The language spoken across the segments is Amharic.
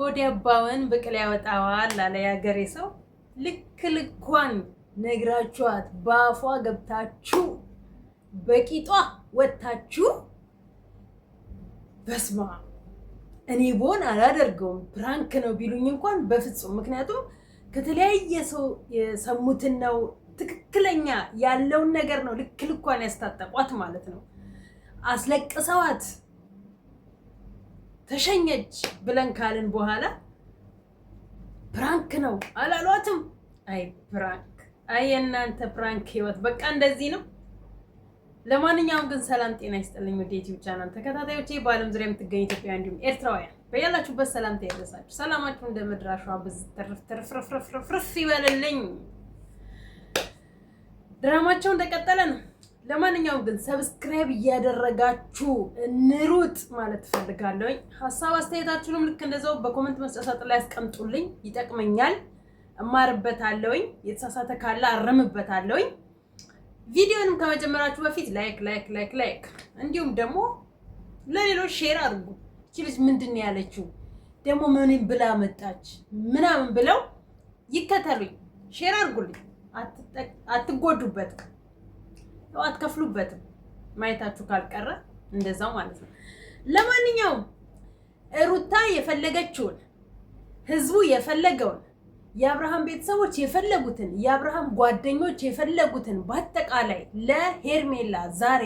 ሆድ ያባውን ብቅል ያወጣዋል አለ ያገሬ ሰው። ልክ ልኳን ነግራችኋት በአፏ ገብታችሁ በቂጧ ወጥታችሁ በስማ እኔ ቦን አላደርገውም። ፕራንክ ነው ቢሉኝ እንኳን በፍጹም ምክንያቱም ከተለያየ ሰው የሰሙትን ነው ትክክለኛ ያለውን ነገር ነው ልክ ልኳን ያስታጠቋት ማለት ነው አስለቅሰዋት ተሸኘች ብለን ካልን በኋላ ፕራንክ ነው አላሏትም። አይ ፕራንክ፣ አይ የእናንተ ፕራንክ ህይወት በቃ እንደዚህ ነው። ለማንኛውም ግን ሰላም ጤና ይስጥልኝ። ወደ ዩቲዩብ ቻናል ተከታታዮቼ በዓለም ዙሪያ የምትገኝ ኢትዮጵያ እንዲሁም ኤርትራውያን በያላችሁበት ሰላምታ ይድረሳችሁ። ሰላማችሁ እንደ ምድራሹ ብዝ ትርፍርፍርፍርፍ ይበልልኝ። ድራማቸው እንደቀጠለ ነው። ለማንኛውም ግን ሰብስክራይብ እያደረጋችሁ እንሩጥ ማለት ትፈልጋለሁ። ሀሳብ አስተያየታችሁንም ልክ እንደዛው በኮመንት መስጫ ሳጥን ላይ ያስቀምጡልኝ። ይጠቅመኛል፣ እማርበታለሁኝ። የተሳሳተ ካለ አርምበታለሁኝ። ቪዲዮንም ከመጀመራችሁ በፊት ላይክ ላይክ ላይክ ላይክ እንዲሁም ደግሞ ለሌሎች ሼር አድርጉ። እቺ ልጅ ምንድን ነው ያለችው ደግሞ ምንም ብላ መጣች ምናምን ብለው ይከተሉኝ፣ ሼር አድርጉልኝ፣ አትጎዱበት። አትከፍሉበትም። ማየታችሁ ካልቀረ እንደዛው ማለት ነው። ለማንኛውም ሩታ የፈለገችውን ህዝቡ የፈለገውን የአብርሃም ቤተሰቦች የፈለጉትን የአብርሃም ጓደኞች የፈለጉትን በአጠቃላይ ለሄርሜላ ዛሬ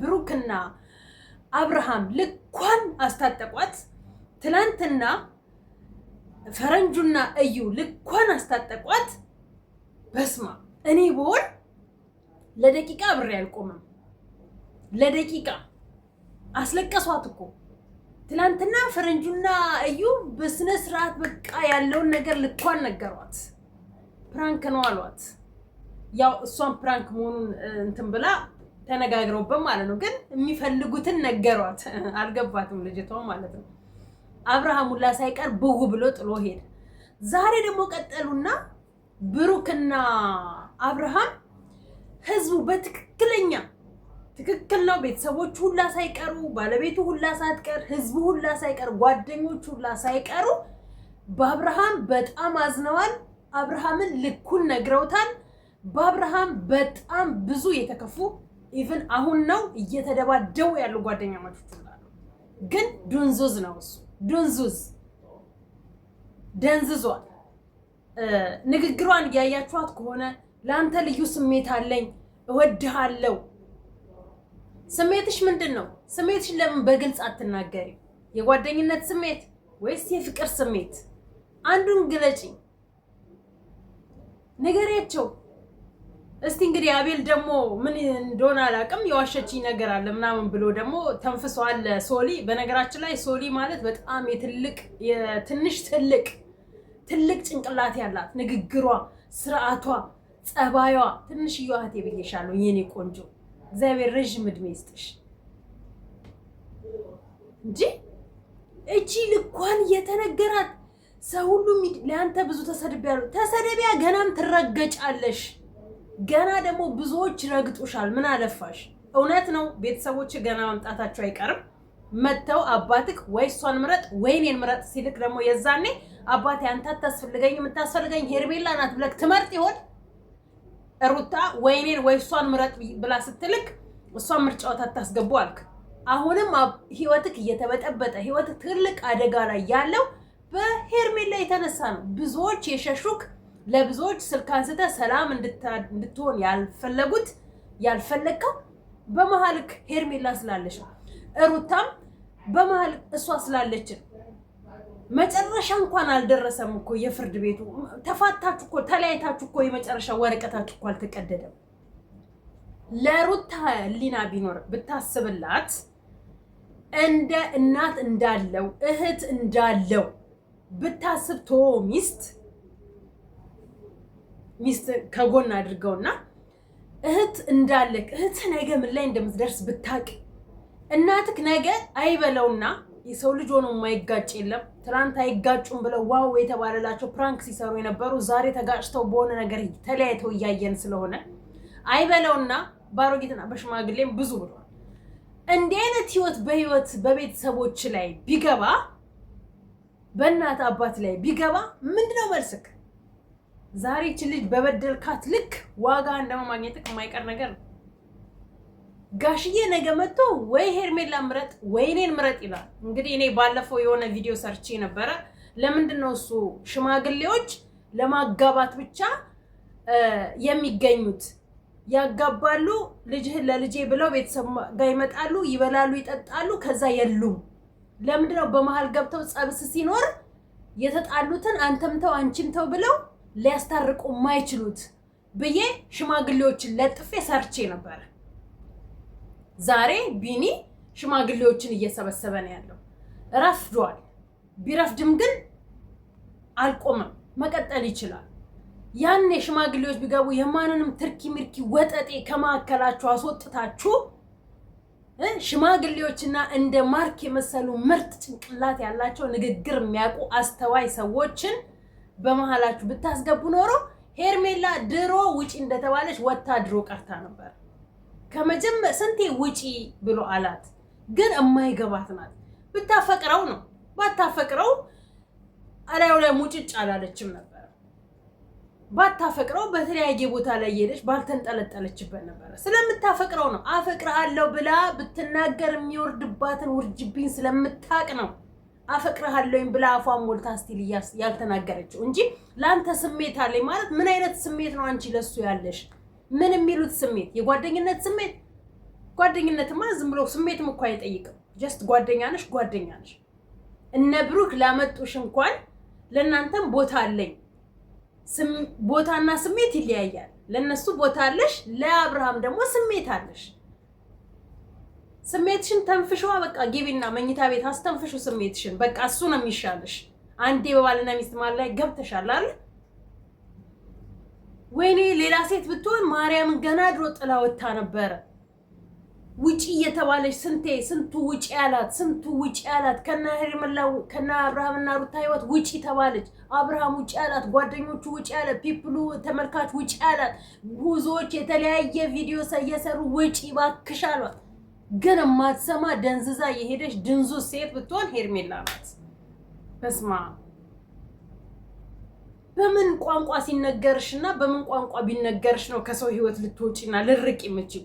ብሩክና አብርሃም ልኳን አስታጠቋት። ትናንትና ፈረንጁና እዩ ልኳን አስታጠቋት። በስማ እኔ በሆን ለደቂቃ አብሬ አልቆምም። ለደቂቃ አስለቀሷት እኮ ትናንትና ፈረንጁና እዩ በስነ ስርዓት በቃ ያለውን ነገር ልኳን ነገሯት። ፕራንክ ነው አሏት። ያው እሷን ፕራንክ መሆኑን እንትን ብላ ተነጋግረውበት ማለት ነው። ግን የሚፈልጉትን ነገሯት። አልገባትም ልጅቷ ማለት ነው። አብርሃም ሁላ ሳይቀር ብው ብሎ ጥሎ ሄደ። ዛሬ ደግሞ ቀጠሉና ብሩክና አብርሃም ህዝቡ በትክክለኛ ትክክል ነው። ቤተሰቦቹ ሁላ ሳይቀሩ፣ ባለቤቱ ሁላ ሳትቀር፣ ህዝቡ ሁላ ሳይቀር፣ ጓደኞቹ ሁላ ሳይቀሩ በአብርሃም በጣም አዝነዋል። አብርሃምን ልኩን ነግረውታል። በአብርሃም በጣም ብዙ የተከፉ ኢቭን አሁን ነው እየተደባደቡ ያሉ ጓደኛ ማቾች ግን ዱንዙዝ ነው እሱ ዱንዙዝ ደንዝዟል። ንግግሯን እያያችኋት ከሆነ ለአንተ ልዩ ስሜት አለኝ፣ እወድሃለሁ። ስሜትሽ ምንድን ነው? ስሜትሽን ለምን በግልጽ አትናገሪ? የጓደኝነት ስሜት ወይስ የፍቅር ስሜት? አንዱን ግለጪ፣ ንገሪያቸው። እስቲ እንግዲህ አቤል ደግሞ ምን እንደሆነ አላውቅም፣ የዋሸችኝ ነገር አለ ምናምን ብሎ ደግሞ ተንፍሷል። ሶሊ በነገራችን ላይ ሶሊ ማለት በጣም የትልቅ የትንሽ ትልቅ ትልቅ ጭንቅላት ያላት ንግግሯ፣ ስርዓቷ ጸባዩዋ ትንሽዬ እህቴ ብዬሻለሁ የኔ ቆንጆ። እግዚአብሔር ረዥም እድሜ ይስጥሽ እንጂ እቺ ልኳን እየተነገራት ሰው ሁሉ ለአንተ ብዙ ተሰድቤያለሁ። ተሰደቢያ ገናም ትረገጫለሽ። ገና ደግሞ ብዙዎች ረግጡሻል። ምን አለፋሽ? እውነት ነው። ቤተሰቦች ገና መምጣታቸው አይቀርም። መጥተው አባትክ ወይ እሷን ምረጥ ወይ እኔን ምረጥ ሲልክ ደግሞ የዛኔ አባቴ አንተ አታስፈልገኝ የምታስፈልገኝ ሄርሜላ ናት ብለክ ትመርጥ ይሆን? ሩታ ወይኔን ወይ እሷን ምረጥ ብላ ስትልክ እሷን ምርጫወት አታስገቡ አልክ። አሁንም ህይወትክ እየተበጠበጠ ህይወት ትልቅ አደጋ ላይ ያለው በሄርሜላ የተነሳ ነው። ብዙዎች የሸሹክ ለብዙዎች ስልክ አንስተህ ሰላም እንድትሆን ያልፈለጉት ያልፈለግከው በመሀልክ ሄርሜላ ስላለች ነው። ሩታም በመሀል እሷ ስላለችን መጨረሻ እንኳን አልደረሰም እኮ የፍርድ ቤቱ። ተፋታችሁ እኮ ተለያይታችሁ እኮ የመጨረሻ ወረቀታችሁ እኮ አልተቀደደም። ለሩታ ሊና ቢኖር ብታስብላት እንደ እናት እንዳለው እህት እንዳለው ብታስብ ቶ ሚስት ሚስት ከጎን አድርገውና እህት እንዳለክ እህት ነገ ምን ላይ እንደምትደርስ ብታቅ እናትክ ነገ አይበለውና የሰው ልጅ ሆኖ የማይጋጭ የለም። ትናንት አይጋጩም ብለው ዋው የተባለላቸው ፕራንክ ሲሰሩ የነበሩ ዛሬ ተጋጭተው በሆነ ነገር ተለያይተው እያየን ስለሆነ አይበለውና ባሮጌትና በሽማግሌም ብዙ ብሏል። እንዲህ አይነት ህይወት በህይወት በቤተሰቦች ላይ ቢገባ በእናት አባት ላይ ቢገባ ምንድነው መልስክ? ዛሬ ይችን ልጅ በበደልካት ልክ ዋጋ እንደማግኘት የማይቀር ነገር ነው። ጋሽዬ ነገ መጥቶ ወይ ሄርሜላ ምረጥ ወይ እኔን ምረጥ ይላል። እንግዲህ እኔ ባለፈው የሆነ ቪዲዮ ሰርቼ ነበረ። ለምንድን ነው እሱ ሽማግሌዎች ለማጋባት ብቻ የሚገኙት? ያጋባሉ፣ ልጅህን ለልጄ ብለው ቤተሰብ ጋር ይመጣሉ፣ ይበላሉ፣ ይጠጣሉ፣ ከዛ የሉም። ለምንድን ነው በመሀል ገብተው ጸብስ ሲኖር የተጣሉትን አንተም ተው አንቺም ተው ብለው ሊያስታርቁ ማይችሉት ብዬ ሽማግሌዎችን ለጥፌ ሰርቼ ነበረ። ዛሬ ቢኒ ሽማግሌዎችን እየሰበሰበ ነው ያለው። ረፍዷል። ቢረፍድም ግን አልቆመም፣ መቀጠል ይችላል። ያን ሽማግሌዎች ቢገቡ የማንንም ትርኪ ምርኪ ወጠጤ ከማዕከላችሁ አስወጥታችሁ ሽማግሌዎችና እንደ ማርክ የመሰሉ ምርጥ ጭንቅላት ያላቸው ንግግር የሚያውቁ አስተዋይ ሰዎችን በመሀላችሁ ብታስገቡ ኖሮ ሄርሜላ ድሮ ውጪ እንደተባለች ወታ ድሮ ቀርታ ነበር። ከመጀመር ስንቴ ውጪ ብሎ አላት። ግን የማይገባት ናት። ብታፈቅረው ነው ባታፈቅረው እላዩ ላይ ሙጭጭ አላለችም ነበረ። ባታፈቅረው በተለያየ ቦታ ላይ እየሄደች ባልተንጠለጠለችበት ነበረ። ስለምታፈቅረው ነው። አፈቅርሃለሁ ብላ ብትናገር የሚወርድባትን ውርጅብኝ ስለምታቅ ነው አፈቅርሃለሁኝ ብላ አፏን ሞልታ ስቲል ያልተናገረችው እንጂ ለአንተ ስሜት አለኝ ማለት ምን አይነት ስሜት ነው አንቺ ለሱ ያለሽ? ምን የሚሉት ስሜት የጓደኝነት ስሜት ጓደኝነትማ ዝም ብሎ ስሜትም እኮ አይጠይቅም። ጀስት ጓደኛ ነሽ ጓደኛ ነሽ። እነ ብሩክ ላመጡሽ እንኳን ለእናንተም ቦታ አለኝ። ቦታና ስሜት ይለያያል። ለእነሱ ቦታ አለሽ፣ ለአብርሃም ደግሞ ስሜት አለሽ። ስሜትሽን ተንፍሸዋ በቃ ጊቢና መኝታ ቤት አስተንፍሹ ስሜትሽን። በቃ እሱ ነው የሚሻልሽ። አንዴ በባልና ሚስት ማ ላይ ገብተሻል አይደል? ወይኔ ሌላ ሴት ብትሆን ማርያምን ገና ድሮ ጥላ ወታ ነበረ። ውጪ እየተባለች ስንቴ ስንቱ ውጪ ያላት ስንቱ ውጪ ያላት ከና ሄርመላ ከና አብርሃምና ሩታ ህይወት ውጪ ተባለች። አብርሃም ውጪ ያላት፣ ጓደኞቹ ውጪ ያላት፣ ፒፕሉ ተመልካች ውጪ ያላት፣ ብዙዎች የተለያየ ቪዲዮ እየሰሩ ውጪ ባክሽ አሏት። ግን ማትሰማ ደንዝዛ የሄደች ድንዙ ሴት ብትሆን ሄርሜላ ናት። በስማ በምን ቋንቋ ሲነገርሽ እና በምን ቋንቋ ቢነገርሽ ነው ከሰው ህይወት ልትወጪና ልርቅ የምችል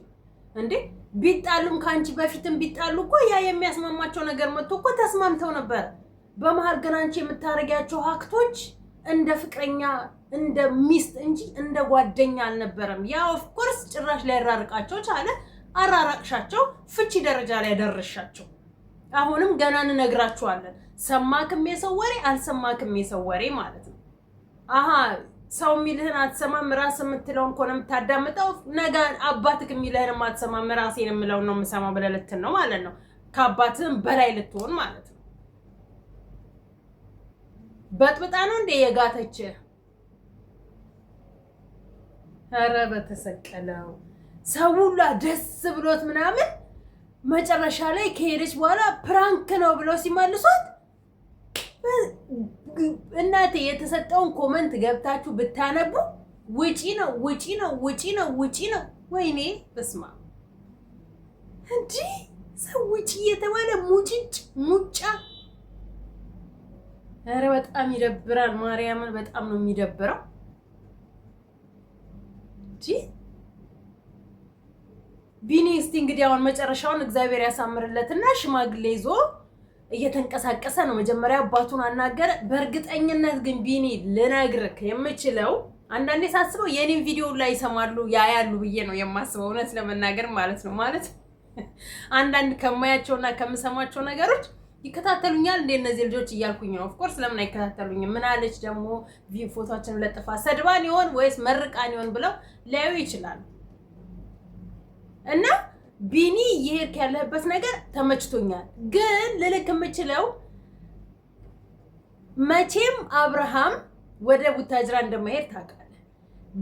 እንዴ? ቢጣሉም ከአንቺ በፊትም ቢጣሉ እኮ ያ የሚያስማማቸው ነገር መጥቶ እኮ ተስማምተው ነበር። በመሀል ግን አንቺ የምታደርጊያቸው ሀክቶች እንደ ፍቅረኛ እንደ ሚስት እንጂ እንደ ጓደኛ አልነበረም። ያ ኦፍኮርስ ጭራሽ ሊያራርቃቸው ቻለ። አራራቅሻቸው፣ ፍቺ ደረጃ ላይ ያደረሻቸው። አሁንም ገና እንነግራችኋለን። ሰማክም የሰው ወሬ አልሰማክም የሰው ወሬ ማለት ነው። አሀ ሰው የሚልህን አትሰማም፣ ራስ የምትለውን እኮ ነው የምታዳምጠው። ነገ አባትህ የሚልህን አትሰማም፣ ራሴ የምለውን ነው የምሰማው ብለህ ልትል ነው ማለት ነው። ከአባትህም በላይ ልትሆን ማለት ነው። በጥብጣ ነው እንደ የጋተችህ። ኧረ በተሰቀለው ሰው ሁላ ደስ ብሎት ምናምን መጨረሻ ላይ ከሄደች በኋላ ፕራንክ ነው ብለው ሲመልሷት እናቴ የተሰጠውን ኮመንት ገብታችሁ ብታነቡ ውጪ ነው ውጪ ነው ውጪ ነው ውጪ ነው። ወይኔ በስማ እንጂ ሰው ውጪ የተባለ ሙጭጭ ሙጫ። ኧረ በጣም ይደብራል። ማርያምን በጣም ነው የሚደብረው። ቢኒ እስቲ እንግዲህ አሁን መጨረሻውን እግዚአብሔር ያሳምርለትና ሽማግሌ ይዞ እየተንቀሳቀሰ ነው። መጀመሪያ አባቱን አናገረ። በእርግጠኝነት ግን ቢኒ ልነግርክ የምችለው አንዳንዴ ሳስበው የኔን ቪዲዮ ላይ ይሰማሉ ያያሉ ብዬ ነው የማስበው፣ እውነት ለመናገር ማለት ነው። ማለት አንዳንድ ከማያቸውና ከምሰማቸው ነገሮች ይከታተሉኛል እንዴ እነዚህ ልጆች እያልኩኝ ነው። ኦፍኮርስ ለምን አይከታተሉኝም? ምን አለች ደግሞ ፎቶችን ለጥፋ ሰድባን ይሆን ወይስ መርቃን ይሆን ብለው ሊያዩ ይችላሉ እና ቢኒ እየሄድክ ያለህበት ነገር ተመችቶኛል፣ ግን ልልክ የምችለው መቼም አብርሃም ወደ ቡታጅራ እንደማይሄድ ታውቃለህ።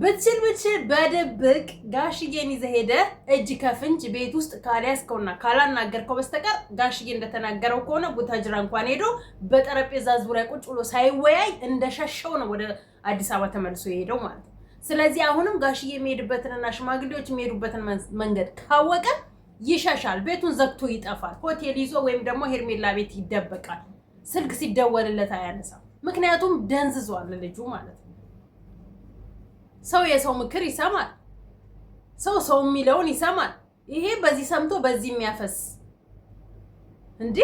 ብትችል ብትችል በድብቅ ጋሽዬን ይዘህ ሄደህ እጅ ከፍንጅ ቤት ውስጥ ካልያዝከውና ካላናገርከው በስተቀር ጋሽዬ እንደተናገረው ከሆነ ቡታጅራ እንኳን ሄዶ በጠረጴዛ ዙሪያ ቁጭ ብሎ ሳይወያይ እንደሸሸው ነው ወደ አዲስ አበባ ተመልሶ የሄደው ማለት ነው። ስለዚህ አሁንም ጋሽዬ የሚሄድበትንና ሽማግሌዎች የሚሄዱበትን መንገድ ካወቀ ይሸሻል። ቤቱን ዘግቶ ይጠፋል። ሆቴል ይዞ ወይም ደግሞ ሄርሜላ ቤት ይደበቃል። ስልክ ሲደወልለት አያነሳም። ምክንያቱም ደንዝዟል ልጁ ማለት ነው። ሰው የሰው ምክር ይሰማል። ሰው ሰው የሚለውን ይሰማል። ይሄ በዚህ ሰምቶ በዚህ የሚያፈስ እንዴ!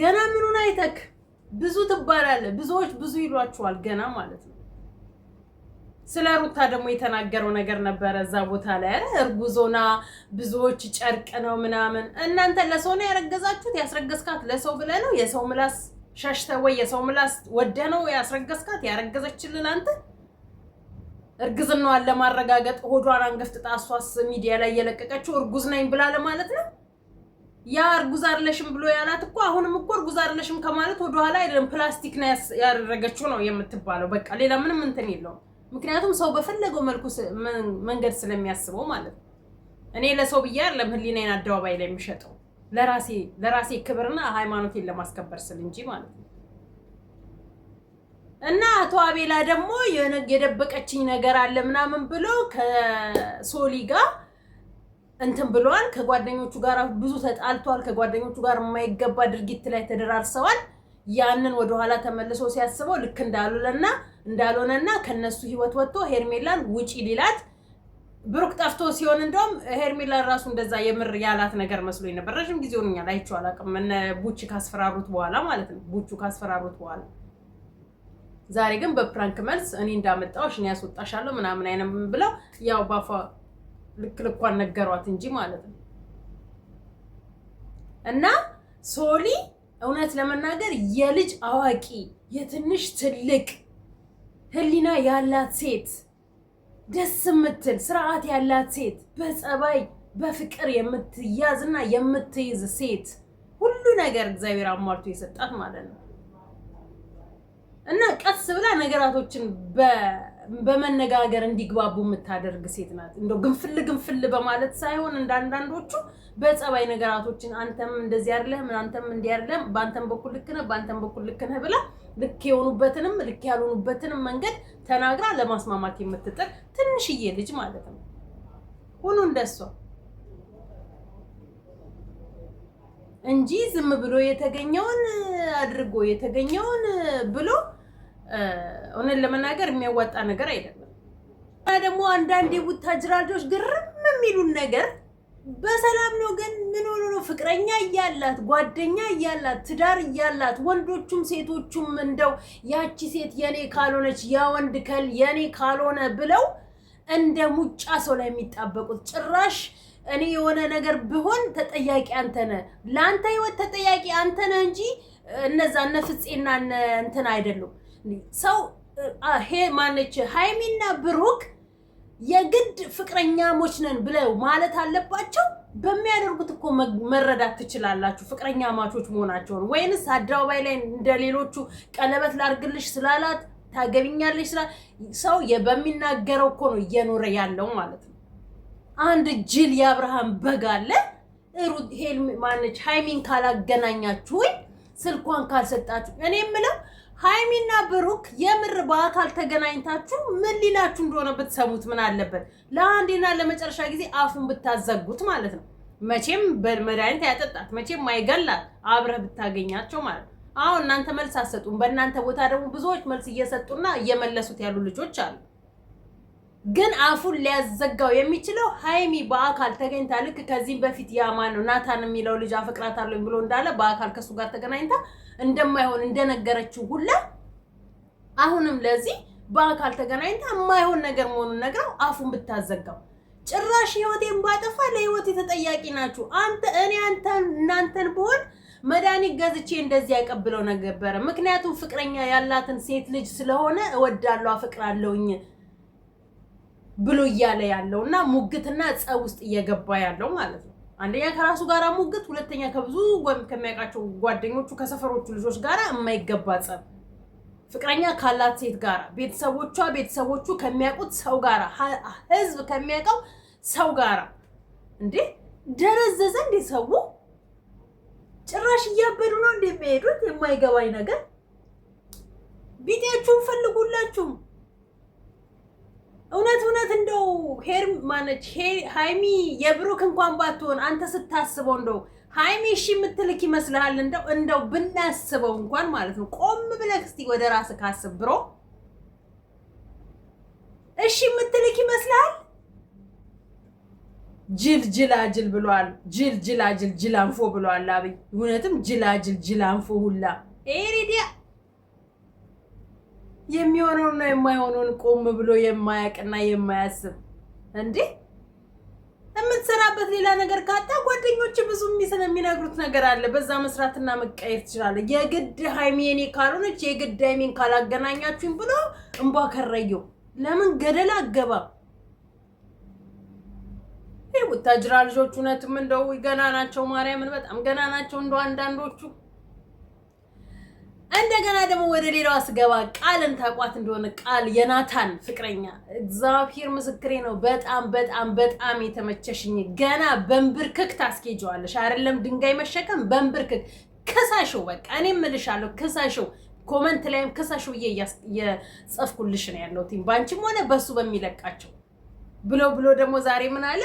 ገና ምኑን አይተክ ብዙ ትባላለህ። ብዙዎች ብዙ ይሏችኋል ገና ማለት ነው። ስለ ሩታ ደግሞ የተናገረው ነገር ነበረ እዛ ቦታ ላይ እርጉዞና ብዙዎች ጨርቅ ነው ምናምን። እናንተ ለሰው ነው ያረገዛችሁት? ያስረገዝካት ለሰው ብለህ ነው? የሰው ምላስ ሸሽተ ወይ የሰው ምላስ ወደ ነው ያስረገዝካት? ያረገዘችልን አንተ እርግዝናዋን ለማረጋገጥ ሆዷን አንገፍጥጣ እሷስ ሚዲያ ላይ እየለቀቀችው እርጉዝ ነኝ ብላ ለማለት ነው። ያ እርጉዝ አይደለሽም ብሎ ያላት እኮ አሁንም እኮ እርጉዝ አይደለሽም ከማለት ወደኋላ አይደለም፣ ፕላስቲክ ነው ያደረገችው ነው የምትባለው። በቃ ሌላ ምንም እንትን የለውም። ምክንያቱም ሰው በፈለገው መልኩ መንገድ ስለሚያስበው ማለት ነው። እኔ ለሰው ብዬ አይደለም ህሊናዬን አደባባይ ላይ የሚሸጠው ለራሴ ለራሴ ክብርና ሃይማኖቴን ለማስከበር ስል እንጂ ማለት ነው። እና አቶ አቤላ ደግሞ የደበቀችኝ ነገር አለ ምናምን ብሎ ከሶሊ ጋር እንትን ብለዋል። ከጓደኞቹ ጋር ብዙ ተጣልቷል። ከጓደኞቹ ጋር የማይገባ ድርጊት ላይ ተደራርሰዋል። ያንን ወደኋላ ተመልሶ ሲያስበው ልክ እንዳሉለና እንዳልሆነና ከነሱ ህይወት ወጥቶ ሄርሜላን ውጪ ሊላት ብሩክ ጠፍቶ ሲሆን እንደውም ሄርሜላን ራሱ እንደዛ የምር ያላት ነገር መስሎኝ ነበር። ረዥም ጊዜ ሆኖኛል አይቼው አላውቅም። እነ ቡቺ ካስፈራሩት በኋላ ማለት ነው። ቡቹ ካስፈራሩት በኋላ ዛሬ ግን በፕራንክ መልስ እኔ እንዳመጣሁሽ እኔ ያስወጣሻለሁ ምናምን አይነም ብለው ያው ባፏ ልክ ልኳን ነገሯት እንጂ ማለት ነው። እና ሶሊ እውነት ለመናገር የልጅ አዋቂ የትንሽ ትልቅ ህሊና ያላት ሴት፣ ደስ የምትል ስርዓት ያላት ሴት፣ በጸባይ በፍቅር የምትያዝና የምትይዝ ሴት ሁሉ ነገር እግዚአብሔር አሟልቶ የሰጣት ማለት ነው እና ቀስ ብላ ነገራቶችን በ በመነጋገር እንዲግባቡ የምታደርግ ሴት ናት። እንደ ግንፍል ግንፍል በማለት ሳይሆን እንደ አንዳንዶቹ በጸባይ ነገራቶችን አንተም እንደዚህ አይደለህም፣ አንተም እንዲህ አይደለህም፣ በአንተም በኩል ልክ ነህ፣ በአንተም በኩል ልክ ነህ ብላ ልክ የሆኑበትንም ልክ ያልሆኑበትንም መንገድ ተናግራ ለማስማማት የምትጥር ትንሽዬ ልጅ ማለት ነው። ሁኑ እንደሷ እንጂ ዝም ብሎ የተገኘውን አድርጎ የተገኘውን ብሎ እውነት ለመናገር የሚያዋጣ ነገር አይደለም። እና ደግሞ አንዳንድ የቡታጅራጆች ግርም የሚሉን ነገር በሰላም ነው ግን ምን ሆኖ ነው ፍቅረኛ እያላት ጓደኛ እያላት ትዳር እያላት ወንዶቹም ሴቶቹም እንደው ያቺ ሴት የኔ ካልሆነች ያ ወንድ ከል የኔ ካልሆነ ብለው እንደ ሙጫ ሰው ላይ የሚጣበቁት ጭራሽ እኔ የሆነ ነገር ብሆን ተጠያቂ አንተ ነህ፣ ለአንተ ህይወት ተጠያቂ አንተ ነህ እንጂ እነዛ እነ ፍፄና እንትን አይደሉም። ሰው ሄ ማነች ሀይሚና ብሩክ የግድ ፍቅረኛሞች ነን ብለው ማለት አለባቸው? በሚያደርጉት እኮ መረዳት ትችላላችሁ ፍቅረኛ ማቾች መሆናቸውን። ወይንስ አደባባይ ላይ እንደሌሎቹ ቀለበት ላርግልሽ ስላላት ታገቢኛለሽ ስላ ሰው በሚናገረው እኮ ነው እየኖረ ያለው ማለት ነው። አንድ ጅል የአብርሃም በግ አለ። ሄል ማነች ሀይሚን ወይ ስልኳን ካልሰጣችሁ እኔ የምለው ሀይሚና ብሩክ የምር በአካል ተገናኝታችሁ ምን ሊላችሁ እንደሆነ ብትሰሙት ምን አለበት? ለአንዴና ለመጨረሻ ጊዜ አፉን ብታዘጉት ማለት ነው። መቼም በመድኃኒት ያጠጣት መቼም አይገላት አብረህ ብታገኛቸው ማለት ነው። አሁን እናንተ መልስ አትሰጡም። በእናንተ ቦታ ደግሞ ብዙዎች መልስ እየሰጡና እየመለሱት ያሉ ልጆች አሉ። ግን አፉን ሊያዘጋው የሚችለው ሀይሚ በአካል ተገኝታ ልክ ከዚህም በፊት ያማ ነው ናታን የሚለው ልጅ አፈቅራታለሁ ብሎ እንዳለ በአካል ከሱ ጋር ተገናኝታ እንደማይሆን እንደነገረችው ሁላ አሁንም ለዚህ በአካል ተገናኝታ የማይሆን ነገር መሆኑን ነግራው አፉን ብታዘጋው ጭራሽ ህይወቴን ባጠፋ ለህይወቴ ተጠያቂ ናችሁ። አንተ እኔ አንተ እናንተን ብሆን መድኃኒት ገዝቼ እንደዚህ ያቀብለው ነበረ። ምክንያቱም ፍቅረኛ ያላትን ሴት ልጅ ስለሆነ እወዳለሁ፣ አፈቅራለሁኝ ብሎ እያለ ያለው እና ሙግትና ጸብ ውስጥ እየገባ ያለው ማለት ነው። አንደኛ ከራሱ ጋር ሙግት፣ ሁለተኛ ከብዙ ከሚያውቃቸው ጓደኞቹ ከሰፈሮቹ ልጆች ጋር የማይገባ ጸብ፣ ፍቅረኛ ካላት ሴት ጋር፣ ቤተሰቦቿ ቤተሰቦቹ ከሚያውቁት ሰው ጋር፣ ህዝብ ከሚያውቀው ሰው ጋር። እንዴ ደረዘዘ እንዴ ሰው ጭራሽ እያበዱ ነው እንዴ የሚሄዱት? የማይገባኝ ነገር ቢጤያችሁን ፈልጉላችሁም እውነት እውነት እንደው ማነች ሀይሚ የብሩክ እንኳን ባትሆን አንተ ስታስበው እንደው ሀይሚ እሺ የምትልክ ይመስልሃል? እንደው እንደው ብናስበው እንኳን ማለት ነው። ቆም ብለህ እስቲ ወደ ራስህ ካስብ ብሮ እሺ የምትልክ ይመስልሃል? ጅል ጅላጅል ብሏል። ጅል ጅላጅል ጅላንፎ ብሏል። አብይ እውነትም ጅላጅል ጅላንፎ ሁላ ኤሪዲያ የሚሆነውና የማይሆነውን ቆም ብሎ የማያውቅና የማያስብ እንዴ የምትሰራበት ሌላ ነገር ካጣ ጓደኞች ብዙ የሚነግሩት ነገር አለ። በዛ መስራትና መቀየር ትችላለ የግድ ሀይሚ የኔ ካልሆነች የግድ ሀይሚን ካላገናኛችሁኝ ብሎ እንቧ ከረየው ለምን ገደል አገባ። ይህ ቡታጅራ ልጆች እውነትም እንደው ገና ናቸው። ማርያምን በጣም ገና ናቸው። እንደ አንዳንዶቹ እንደገና ደግሞ ወደ ሌላዋ ስገባ ቃልን ታቋት እንደሆነ ቃል የናታን ፍቅረኛ እግዚአብሔር ምስክሬ ነው። በጣም በጣም በጣም የተመቸሽኝ ገና በንብርክክ ታስኬጀዋለሽ። አይደለም ድንጋይ መሸከም በንብርክክ ክሳሽው። በቃ እኔ እምልሻለሁ ክሳሽው። ኮመንት ላይም ክሳሽው እየ እያጸፍኩልሽ ነው ያለው ቲም በአንቺም ሆነ በሱ በሚለቃቸው ብሎ ብሎ ደግሞ ዛሬ ምን አለ?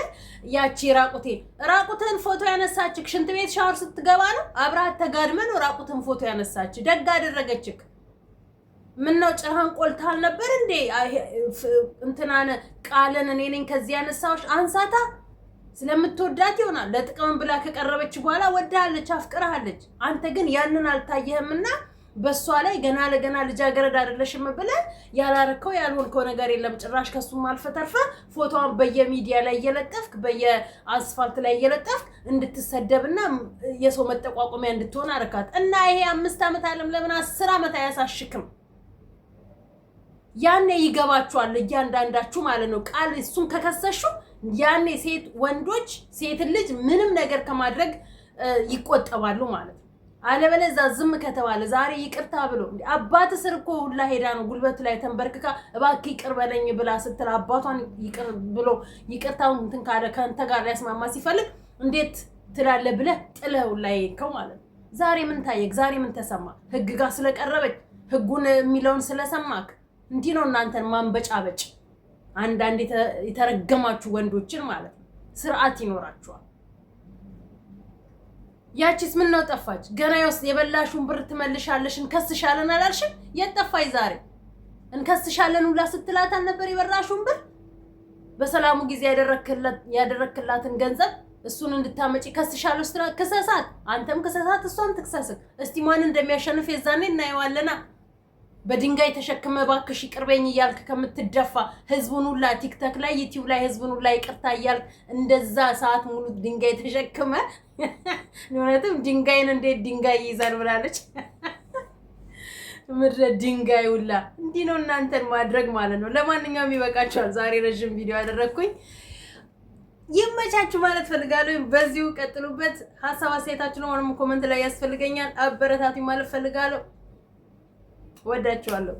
ያቺ ራቁቴን ራቁትን ፎቶ ያነሳችክ ሽንት ቤት ሻወር ስትገባ ነው አብረሃት ተጋድመ ነው ራቁትን ፎቶ ያነሳች። ደግ አደረገችክ። ምነው ጭራህን ቆልታል ነበር እንዴ? እንትናነ ቃልን እኔ ነኝ ከዚህ ያነሳዎች አንሳታ ስለምትወዳት ይሆናል ለጥቅም ብላ ከቀረበች በኋላ ወዳለች፣ አፍቅርሃለች። አንተ ግን ያንን አልታየህምና በእሷ ላይ ገና ለገና ልጃገረድ አይደለሽም ብለህ ያላረከው ያልሆንከው ነገር የለም። ጭራሽ ከሱም አልፈህ ፎቶዋን በየሚዲያ ላይ እየለጠፍክ በየአስፋልት ላይ እየለጠፍክ እንድትሰደብና የሰው መጠቋቆሚያ እንድትሆን አረካት እና ይሄ አምስት ዓመት አለም ለምን አስር ዓመት አያሳሽክም? ያኔ ይገባችኋል እያንዳንዳችሁ ማለት ነው። ቃል እሱን ከከሰሹ ያኔ ሴት ወንዶች ሴትን ልጅ ምንም ነገር ከማድረግ ይቆጠባሉ ማለት ነው። አለበለዛ ዝም ከተባለ ዛሬ ይቅርታ ብሎ አባት ስር እኮ ሁላ ሄዳ ነው ጉልበቱ ላይ ተንበርክካ እባክህ ይቅር በለኝ ብላ ስትል አባቷን ይቅር ብሎ ይቅርታውን እንትን ካለ ከንተ ጋር ሊያስማማ ሲፈልግ እንዴት ትላለ ብለህ ጥለህ ሁላ የሄድከው ማለት ነው። ዛሬ ምን ታየክ? ዛሬ ምን ተሰማ? ህግ ጋር ስለቀረበች ህጉን የሚለውን ስለሰማክ እንዲህ ነው እናንተን ማንበጫበጭ። አንዳንድ የተረገማችሁ ወንዶችን ማለት ነው። ስርዓት ይኖራችኋል። ያቺስ ምን ነው ጠፋች? ገና ይወስ የበላሹን ብር ትመልሻለሽ፣ እንከስሻለን አላልሽም? የት ጠፋች ዛሬ? እንከስሻለን ሁላ ስትላት አልነበር? የበላሹን ብር በሰላሙ ጊዜ ያደረክላትን ገንዘብ እሱን እንድታመጪ ከስሻለሁ ስትላት ክሰሳት፣ አንተም ክሰሳት፣ እሷም ትክሰስን። እስቲ ማን እንደሚያሸንፍ የዛኔ እናየዋለና። በድንጋይ ተሸክመ ባክሽ ይቅርበኝ እያልክ ከምትደፋ ህዝቡን ሁላ ቲክቶክ ላይ ዩቲዩብ ላይ ህዝቡን ሁላ ይቅርታ እያልክ እንደዛ ሰዓት ሙሉ ድንጋይ ተሸክመ እውነትም ድንጋይን እንዴት ድንጋይ ይይዛል ብላለች። ምድረ ድንጋይ ሁላ እንዲህ ነው እናንተን ማድረግ ማለት ነው። ለማንኛውም ይበቃቸዋል። ዛሬ ረዥም ቪዲዮ ያደረግኩኝ ይመቻችሁ ማለት ፈልጋለሁ። በዚሁ ቀጥሉበት። ሀሳብ አስተያየታችሁ ነው ኮመንት ላይ ያስፈልገኛል። አበረታቱ ማለት ፈልጋለሁ። ወዳችኋለሁ።